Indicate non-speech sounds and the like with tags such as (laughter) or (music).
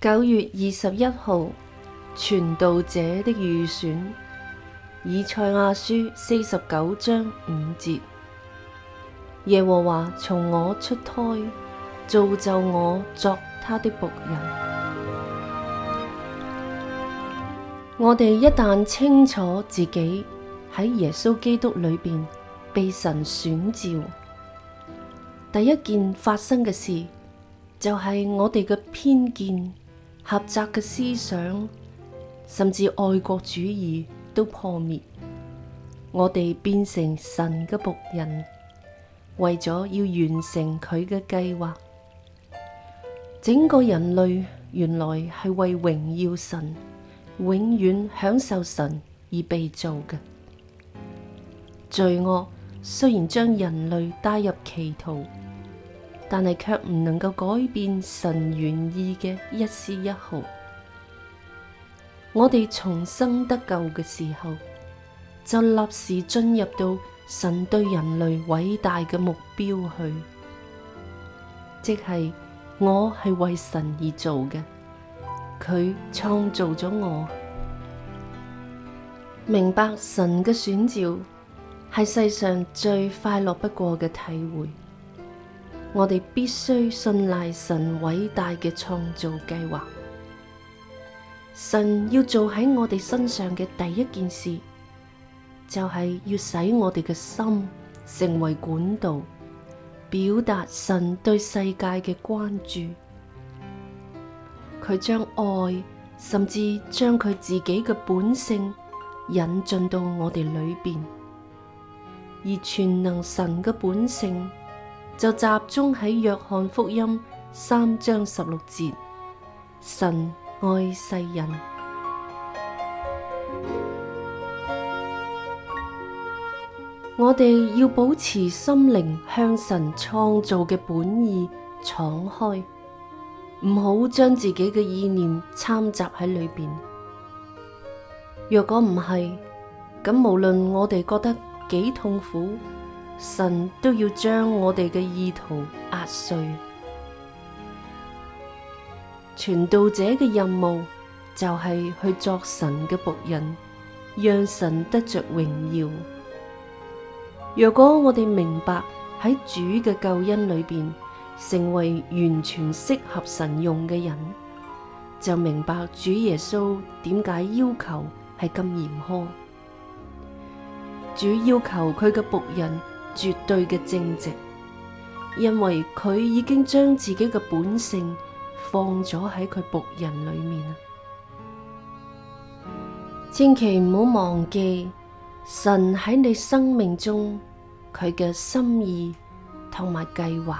九月二十一號，傳道者的預選，以賽亞書四十九章五節，耶和華從我出胎造就我作他的僕人。我哋一旦清楚自己喺耶穌基督裏面被神選召，第一件發生嘅事就係我哋嘅偏見。狹窄嘅思想，甚至愛國主義都破滅，我哋變成神嘅僕人，為咗要完成佢嘅計劃。整個人類原來係為榮耀神，永遠享受神而被造嘅。罪惡雖然將人類帶入歧途。但係卻唔能夠改變神原意嘅一絲一毫。我哋重生得救嘅時候，就立時進入到神對人類偉大嘅目標去，即係我係為神而做嘅，佢創造咗我。明白神嘅選召，係世上最快樂不過嘅體會。我哋必須信賴神偉大嘅創造計劃。神要做喺我哋身上嘅第一件事，就係、是、要使我哋嘅心成為管道，表達神對世界嘅關注。佢將愛，甚至將佢自己嘅本性引進到我哋裏邊，而全能神嘅本性，就集中喺約翰福音三章十六節，神愛世人。 (noise) 我哋要保持心靈向神創造嘅本意敞開，唔好將自己嘅意念摻雜喺裏邊。若果唔係，咁無論我哋覺得幾痛苦。神都要將我哋嘅意圖壓碎，傳道者嘅任務就係去作神嘅僕人，讓神得着榮耀。若果我哋明白喺主嘅救恩裏面，成為完全適合神用嘅人，就明白主耶穌點解要求係咁嚴苛。主要求佢嘅僕人。絕對嘅正直，因為佢已經將自己嘅本性放咗喺佢僕人裏面。千祈唔好忘記神喺你生命中佢嘅心意同埋計劃。